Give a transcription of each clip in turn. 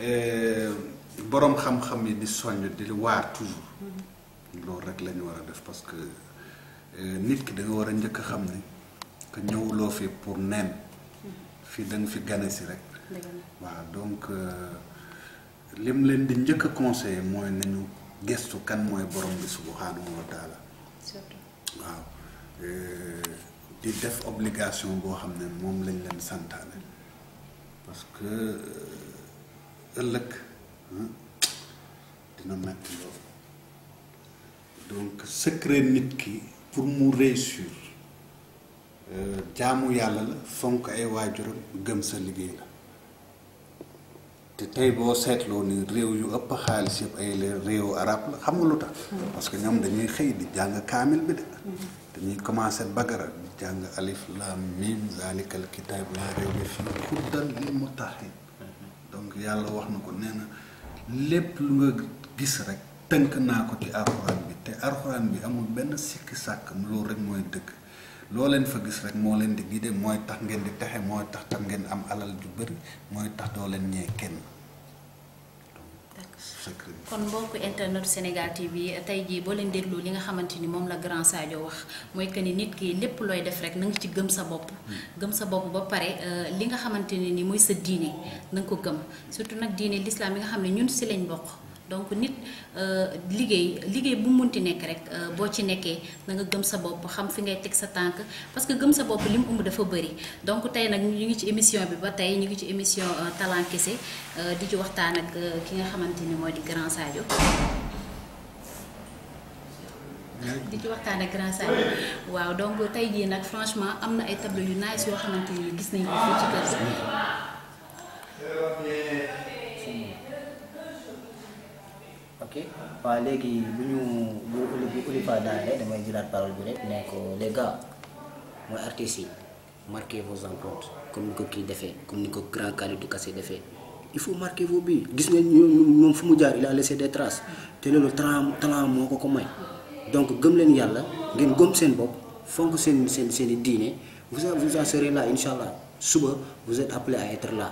Euh, borom xam-xam yi di soññ di waar toujours loolu rek la ñu war a def parce que euh, nit ki da nga war a njëkk a xam ni que ñëwuloo fi pour neen fii da nga fi gane si rek waaw donc euh, lim leen di njëkk a conseillé mooy nañu gestu kan mooy borom bi subhanahu wa taala waaw di def obligation boo xam ne moom lañ leen santaane parce que ëllëg dina metti loolu donc secret nit ki pour mu réussir euh, jaamu yàlla la fonk ay waajuram gëm sa liggéey la te tey boo seetloo ni réew yu ëpp xaalis yëpp ay réewu arab la xam nga lu tax hmm. parce que ñoom dañuy xëy di jàng kaamil bi de hmm. dañuy commencé bagara di jàng alif laam miim zaalikal kitaab laa réew mi fii xuddan lil muttaqin yàlla wax na ko nee na lépp lu nga gis rek tënk naa ko ci alxuraan bi te alxuraan bi amul benn sikki sàkk loolu rek mooy dëkk loo leen fa gis rek moo leen di guider mooy tax ngeen di texe mooy tax tam ngeen am alal ju bari mooy tax doo leen ñee kenn kon mbokku internet Sénégal TV tey jii boo leen déglu li nga xamante ni moom la grand Sadio wax mooy que ni nit ki lépp looy def rek na nga ci gëm sa bopp. Hmm. gëm sa bopp ba pare euh, li nga xamante ne ni mooy sa diine hmm. na nga ko gëm surtout nag diine l'islam yi nga xam ne ñun si lañ bokk. donc nit euh, liggéey liggéey bu munti nekk rek euh, boo ci nekkee na nga gëm sa bopp xam fi ngay teg sa tànk parce que gëm sa bopp li mu ëmb dafa bëri donc tey nag ñu ngi ci émission bi ba tey ñu ngi ci émission euh, talent kese di ci waxtaan ak ki nga xamante ni mooy di grand Sadio di waxtaan ak grand waaw donc tey jii nag franchement am na ay tableau yu nice yoo xamante ni gis nañu ko fii ci kër waaw léegi bu ñu bu bu Olyfa daanee damay jëlaat parole bi rek ne ko les gars mooy artiste, marquez vos empreintes comme ni ko kii defee comme ni grand grand Khalidou Kassé defee il faut marquer vos buts gis ngeen moom fu mu jaar il a laissé des traces te le talent talent moo ko ko may donc gëm leen yàlla ngeen gëm seen bopp fonk seen seen seen i diine vous vous en serez là inshallah. allah vous êtes appelé à être là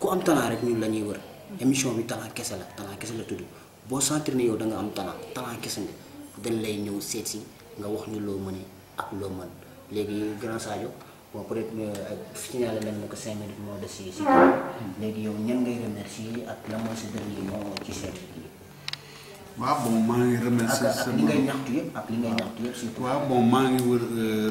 ku am talent rek ñun la ñuy wër émission bi talent kese la talent kese la boo sentir ne yow danga nga am talent talent kese nga dañ lay ñëw seet si nga wax ñu loo mënee ak loo mën léegi grand Sadio bon peut être signalé nañ ne que cinq minutes moo des si si léegi yow ñan ngay remercier si dernier moo maa ngi remercier sama li ngay ñaxtu yëpp ak li ngay ñaxtu yëpp surtout waaw bon euh,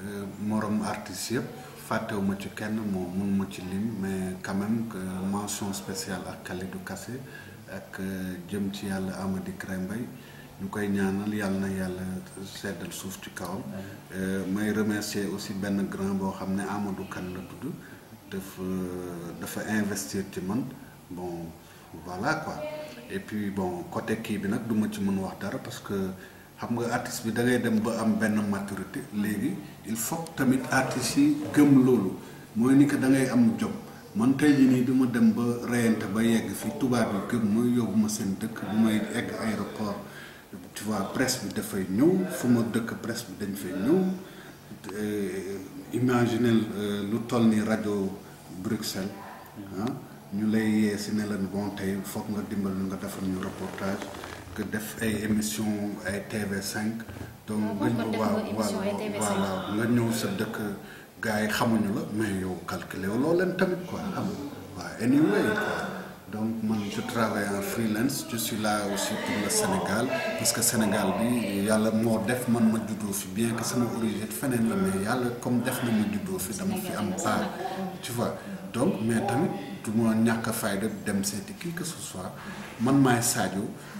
euh, morom artiste yëpp fàttewuma ci kenn moo mon ma ci lim mais quand même que mention spéciale à ak du Kassé et jëm ci yàlla Amady Krembay ñu koy ñaanal yàlla na yàlla c'est suuf ci kawam euh, may remercier aussi ben grand boo xam ne Amadou Kane la tudd dafa euh, dafa investir ci man bon voilà quoi et puis bon côté qui bi de du mon ci wax parce que xam nga artiste bi da dem ba am benn maturité léegi il faut tamit artistes yi gëm loolu mooy ni que da ngay am jom man tey jii nii duma dem ba reyante ba yegg fi tubaab yi gëm mooy yóbbu ma seen dëkk bu may egg aéroport tu vois presse bi dafay ñëw fu ma dëkk presse bi dañ fay ñëw euh, imaginel euh, lu toll ni rajo Bruxelles ah, ñu lay yee si ne leen bon tey foog nga dimbal nu nga defar ñu reportage def ay émission ay TV5. donc voilà ñëw waaw waaw nga ñëw sa dëkk gars yi xamuñu la mais yow calculé au loo tamit quoi xam anyway donc man je travaille en freelance je suis là aussi pour le Sénégal parce que Sénégal bi yàlla moo def man ma juddoo fi bien que sama origine feneen la mais yàlla comme def na ma juddoo fi dama fi am part tu vois donc mais tamit du ma ñàkk a fayda dem seeti qui que ce soit man maay Sadio.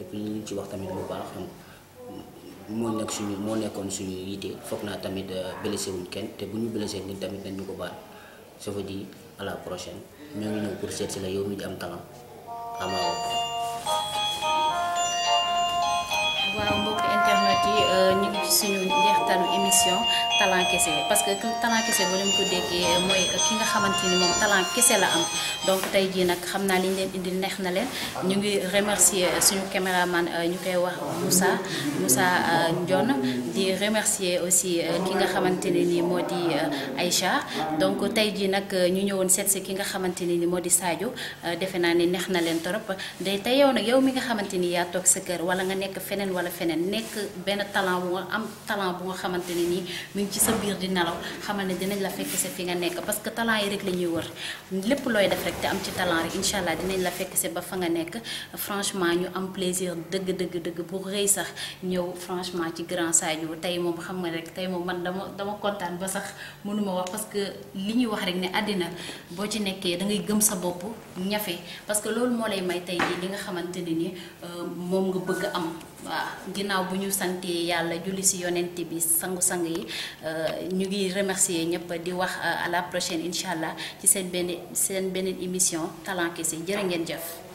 et puis ñu ci wax tamit lu baax moo nekk suñu moo nekkoon suñu yité foog naa tamit blessé wuñ kenn te bu ñu blessé nit tamit nañ ñu ko baal ça veut dire à la prochaine ñoo ngi pour seet la yow mi di am yi euh, ñu ngi ci suñu njeextalu émission talent kese parce que talent kese boo ñu ko déggee mooy euh, ki nga xamante ni moom talent kese la am donc tey jii nag xam naa li ñu leen indi neex na leen ñu ngi remercier euh, suñu caméraman ñu koy wax Moussa Moussa Ndione di remercier aussi ki nga xamante ne nii moo di ay Aïcha donc tey jii nag ñu ñëwoon seet ki nga xamante ne nii moo di Sadio defe naa ni neex na leen torop day tey yow nag yow mi nga xamante ni yaa toog sa kër wala nga nekk feneen wala feneen nekk. ben talent bu am talent bu nga xamanteni ni mi ci sa biir di nelaw xamal ne dinañ la fekk sa fi nga nekk parce que talent yi rek lañuy wër lépp looy def rek te am ci talent rek inshallah dinañ la fekk sa ba fa nga nekk franchement ñu am plaisir dëgg dëgg dëgg bu reuy sax ñëw franchement ci grand sañu tay mom xam nga rek tay mom man dama dama contane ba sax mënuma wax parce que li ñuy wax rek ne adina bo ci nekké da ngay gëm sa bop ñafé parce que lool mo lay may tay li nga xamanteni ni euh mom nga bëgg am waaw ah, ginnaaw bu ñu santé yàlla julli si yonent bi sangu sang yi euh, ñu ngi remercier ñëpp di wax euh, à la prochaine incha allah ci seen benn seen benn émission talent kese jërë ngeen jëf. Ah.